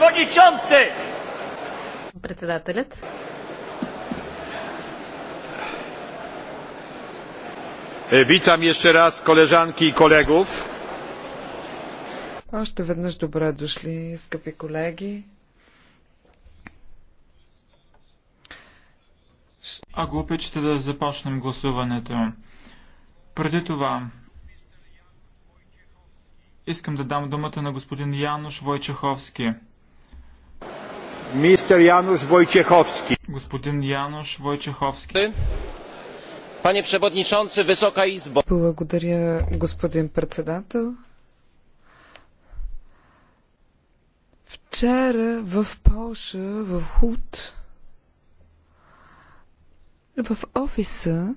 przewodniczący! Председателят. E, witam jeszcze raz koleżanki i kolegów. Още веднъж добре дошли, скъпи колеги. Ако обичате да започнем гласуването. Преди това, искам да дам думата на господин Януш Войчеховски. Мистер Януш Войчеховски. Господин Януш Войчеховски. Panie Przewodniczący, Wysoka Izbo. Благодаря, господин председател. Вчера в Полша, в Худ, в офиса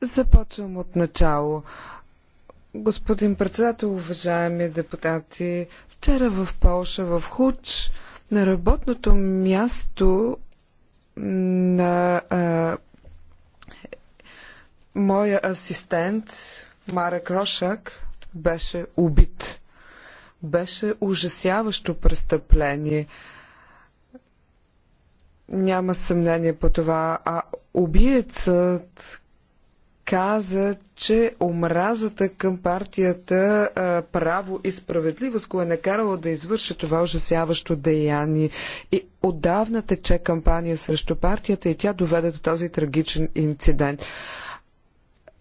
започвам от начало. Господин председател, уважаеми депутати, вчера в Полша, в Хуч, на работното място на а, моя асистент Марек Рошак беше убит. Беше ужасяващо престъпление. Няма съмнение по това. А убиецът каза, че омразата към партията а, Право и справедливост го е накарала да извърши това ужасяващо деяние. И отдавна тече кампания срещу партията и тя доведе до този трагичен инцидент.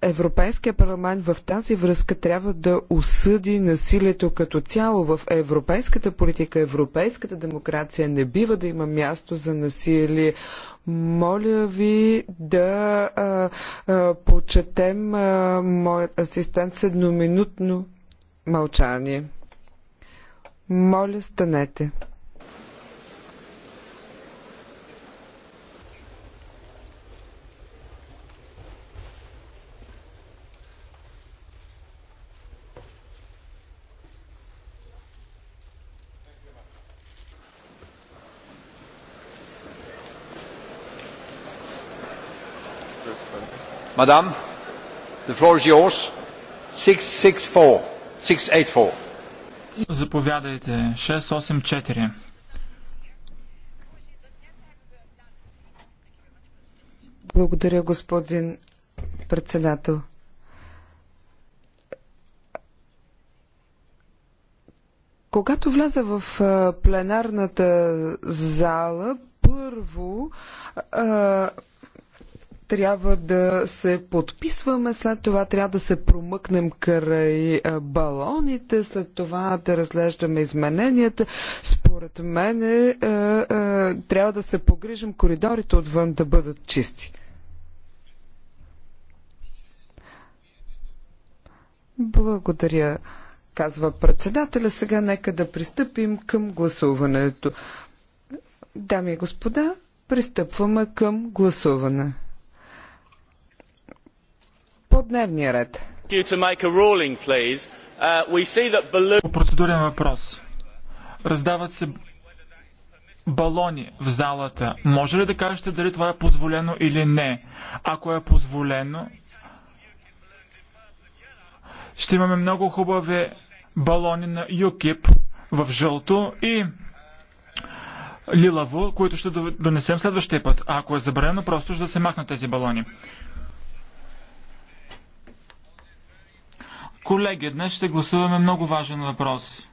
Европейския парламент в тази връзка трябва да осъди насилието като цяло в европейската политика, европейската демокрация. Не бива да има място за насилие. Моля ви да а, а, почетем а, моят асистент с едноминутно мълчание. Моля, станете. Madam, the floor is yours. 664. 684. Заповядайте. 684. Благодаря, господин председател. Когато вляза в пленарната зала, първо трябва да се подписваме, след това трябва да се промъкнем край балоните, след това да разглеждаме измененията. Според мен е, е, трябва да се погрижим коридорите отвън да бъдат чисти. Благодаря, казва председателя. Сега нека да пристъпим към гласуването. Дами и господа, пристъпваме към гласуване по дневния ред. Uh, по процедурен въпрос. Раздават се балони в залата. Може ли да кажете дали това е позволено или не? Ако е позволено, ще имаме много хубави балони на ЮКИП в жълто и лилаво, които ще донесем следващия път. А ако е забранено, просто ще да се махнат тези балони. Колеги, днес ще гласуваме много важен въпрос.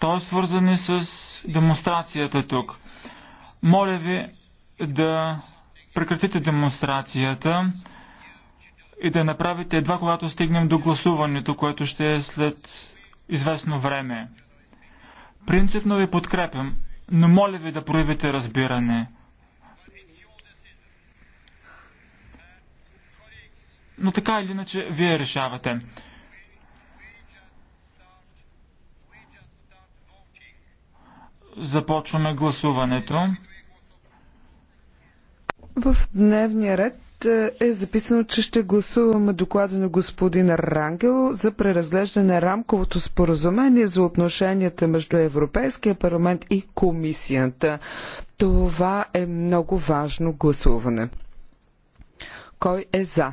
Той е свързан и с демонстрацията тук. Моля ви да прекратите демонстрацията и да направите едва когато стигнем до гласуването, което ще е след известно време. Принципно ви подкрепям, но моля ви да проявите разбиране. но така или иначе вие решавате. Започваме гласуването. В дневния ред е записано, че ще гласуваме доклада на господин Рангел за преразглеждане на рамковото споразумение за отношенията между Европейския парламент и комисията. Това е много важно гласуване. Кой е за?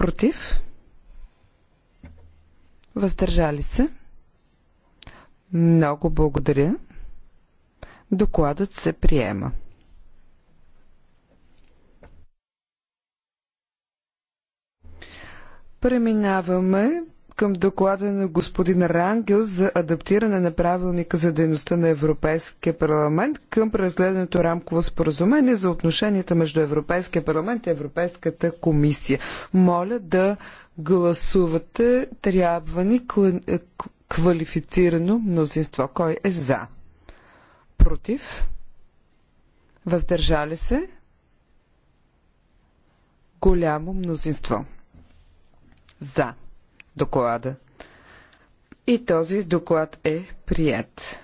Против? Въздържали се? Много благодаря. Докладът се приема. Преминаваме към доклада на господин Рангел за адаптиране на правилника за дейността на Европейския парламент към преразгледаното рамково споразумение за отношенията между Европейския парламент и Европейската комисия. Моля да гласувате трябва ни квалифицирано мнозинство. Кой е за? Против? Въздържали се? Голямо мнозинство. За доклада. И този доклад е прият.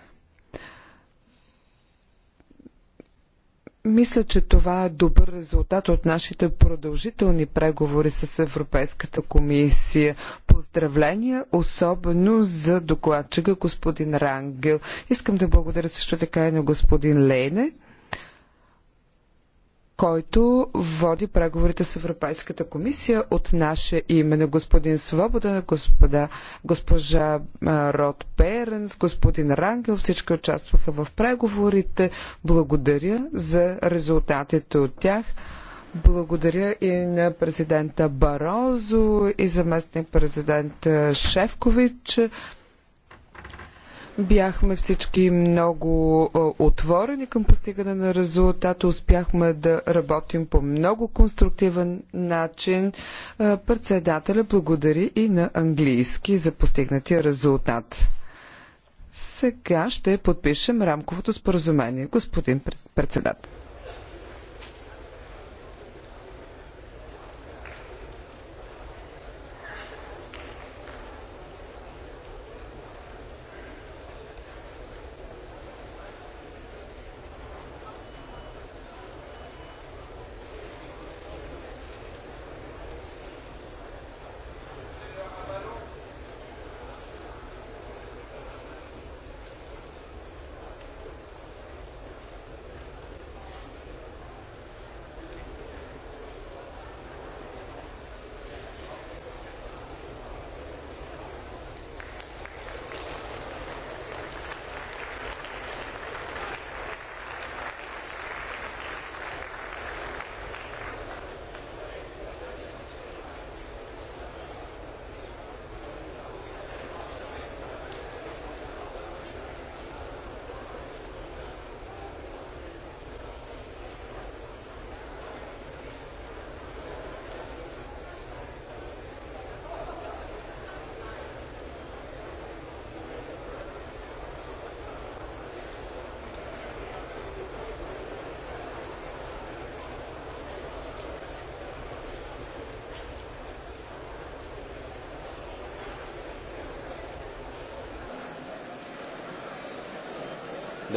Мисля, че това е добър резултат от нашите продължителни преговори с Европейската комисия. Поздравления, особено за докладчика господин Рангел. Искам да благодаря също така и на господин Лейне който води преговорите с Европейската комисия от наше име на господин Свобода, господа, госпожа Род Перенс, господин Рангел. Всички участваха в преговорите. Благодаря за резултатите от тях. Благодаря и на президента Барозо и заместник президента Шефкович. Бяхме всички много отворени към постигане на резултата. Успяхме да работим по много конструктивен начин. Председателя благодари и на английски за постигнатия резултат. Сега ще подпишем рамковото споразумение, господин председател.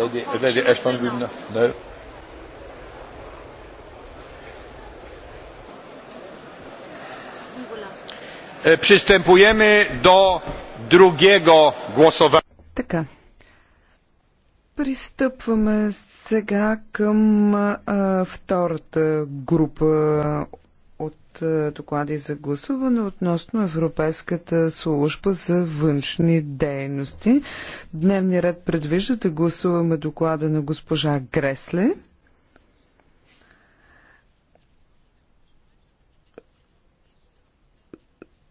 Lady, Lady Ashton will know. Przystępujemy do drugiego głosowania. Така. Пристъпваме сега към а, втората група е, доклади за гласуване относно Европейската служба за външни дейности. Дневния ред предвижда да гласуваме доклада на госпожа Гресле.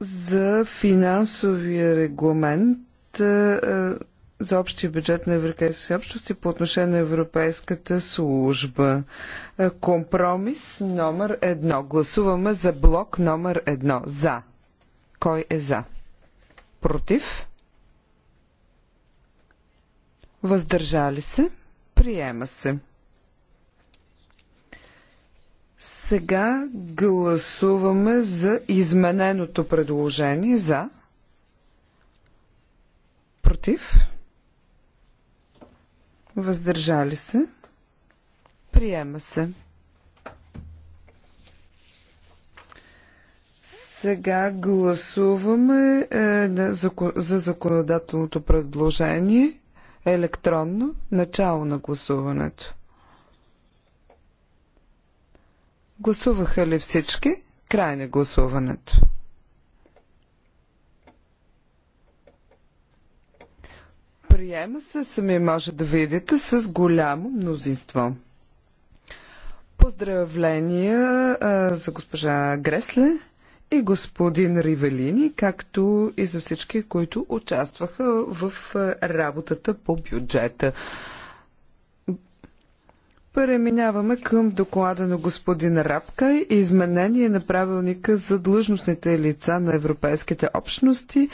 за финансовия регламент е, е, за общия бюджет на Европейските общности по отношение на Европейската служба. Е, компромис номер едно. Гласуваме за блок номер едно. За. Кой е за? Против? Въздържали се? Приема се. Сега гласуваме за измененото предложение за против. Въздържали се. Приема се. Сега гласуваме е, за законодателното предложение електронно начало на гласуването. Гласуваха ли всички? Край на гласуването. Приема се, сами може да видите, с голямо мнозинство. Поздравления а, за госпожа Гресле и господин Ривелини, както и за всички, които участваха в работата по бюджета. Преминаваме към доклада на господин Рапка и изменение на правилника за длъжностните лица на европейските общности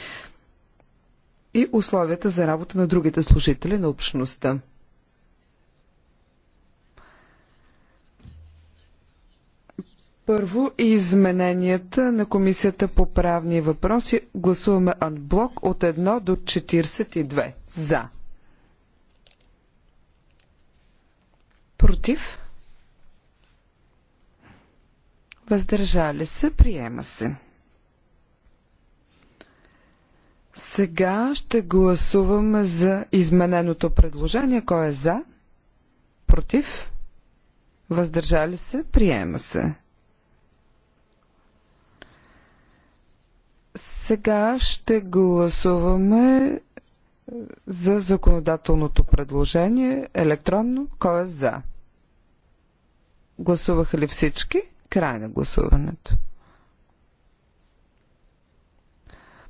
и условията за работа на другите служители на общността. Първо измененията на Комисията по правни въпроси. Гласуваме анблок от 1 до 42. За. Против. Въздържали се. Приема се. Сега ще гласуваме за измененото предложение. Кой е за? Против? Въздържали се? Приема се. Сега ще гласуваме за законодателното предложение електронно. Кой е за? Гласуваха ли всички? Край на гласуването.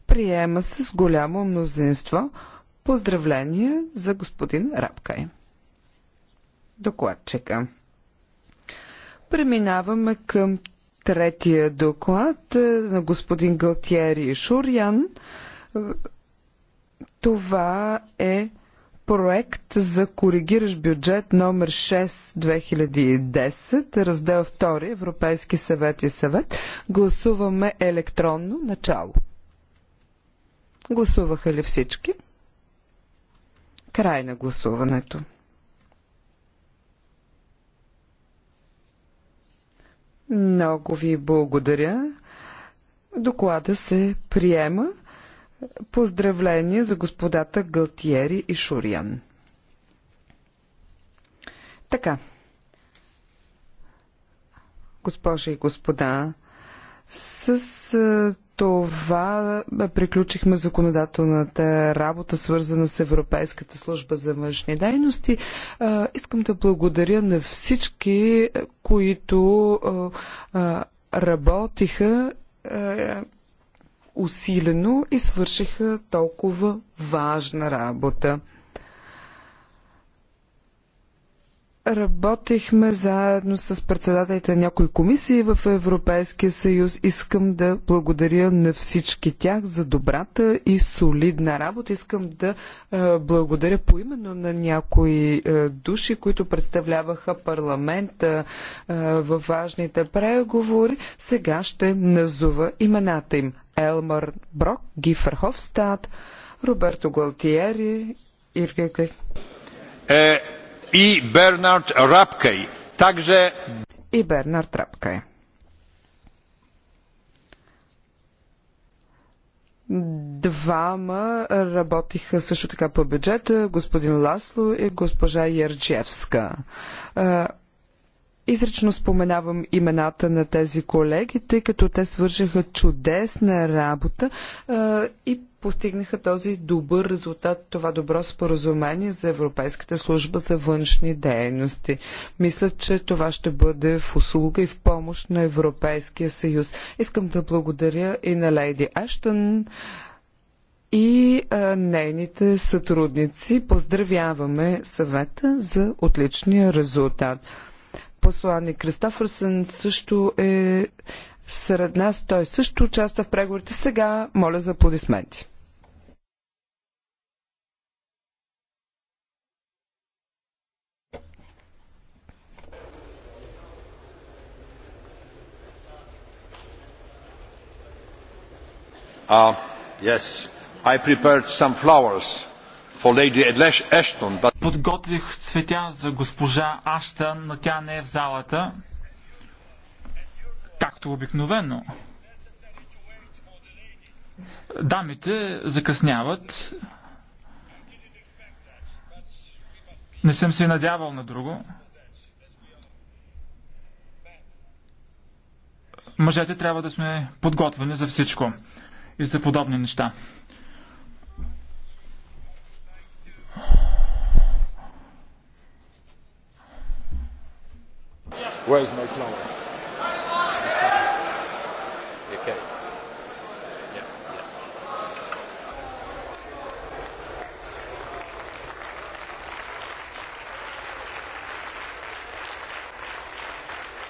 Приема се с голямо мнозинство. Поздравление за господин Рапкай. Докладчика. Преминаваме към третия доклад е, на господин Галтиери Шурян. Това е проект за коригиращ бюджет номер 6-2010, раздел 2, Европейски съвет и съвет. Гласуваме електронно начало. Гласуваха ли всички? Край на гласуването. Много ви благодаря. Доклада се приема. Поздравление за господата Галтиери и Шуриан. Така. Госпожи и господа, с е, това е, приключихме законодателната работа, свързана с Европейската служба за външни дейности. Е, искам да благодаря на всички, които работиха усилено и свършиха толкова важна работа. Работихме заедно с председателите на някои комисии в Европейския съюз. Искам да благодаря на всички тях за добрата и солидна работа. Искам да е, благодаря поименно на някои е, души, които представляваха парламента е, във важните преговори. Сега ще назова имената им. Елмар Брок, Гифър Ховстад, Роберто Галтиери, Ирге Клес. Е... И Бернард Rapkej. Także i Bernard Rapkej. Двама работиха също така по бюджета, господин Ласло и госпожа Ярджевска. Изрично споменавам имената на тези колеги, тъй като те свършиха чудесна работа а, и постигнаха този добър резултат, това добро споразумение за Европейската служба за външни дейности. Мисля, че това ще бъде в услуга и в помощ на Европейския съюз. Искам да благодаря и на Лейди Аштън и а, нейните сътрудници. Поздравяваме съвета за отличния резултат посланник Кристофърсън също е сред нас. Той също участва в преговорите. Сега моля за аплодисменти. Uh, yes, I prepared some flowers for Lady Ashton, but подготвих цветя за госпожа Аштън, но тя не е в залата, както обикновено. Дамите закъсняват. Не съм се надявал на друго. Мъжете трябва да сме подготвени за всичко и за подобни неща. Where's my flower?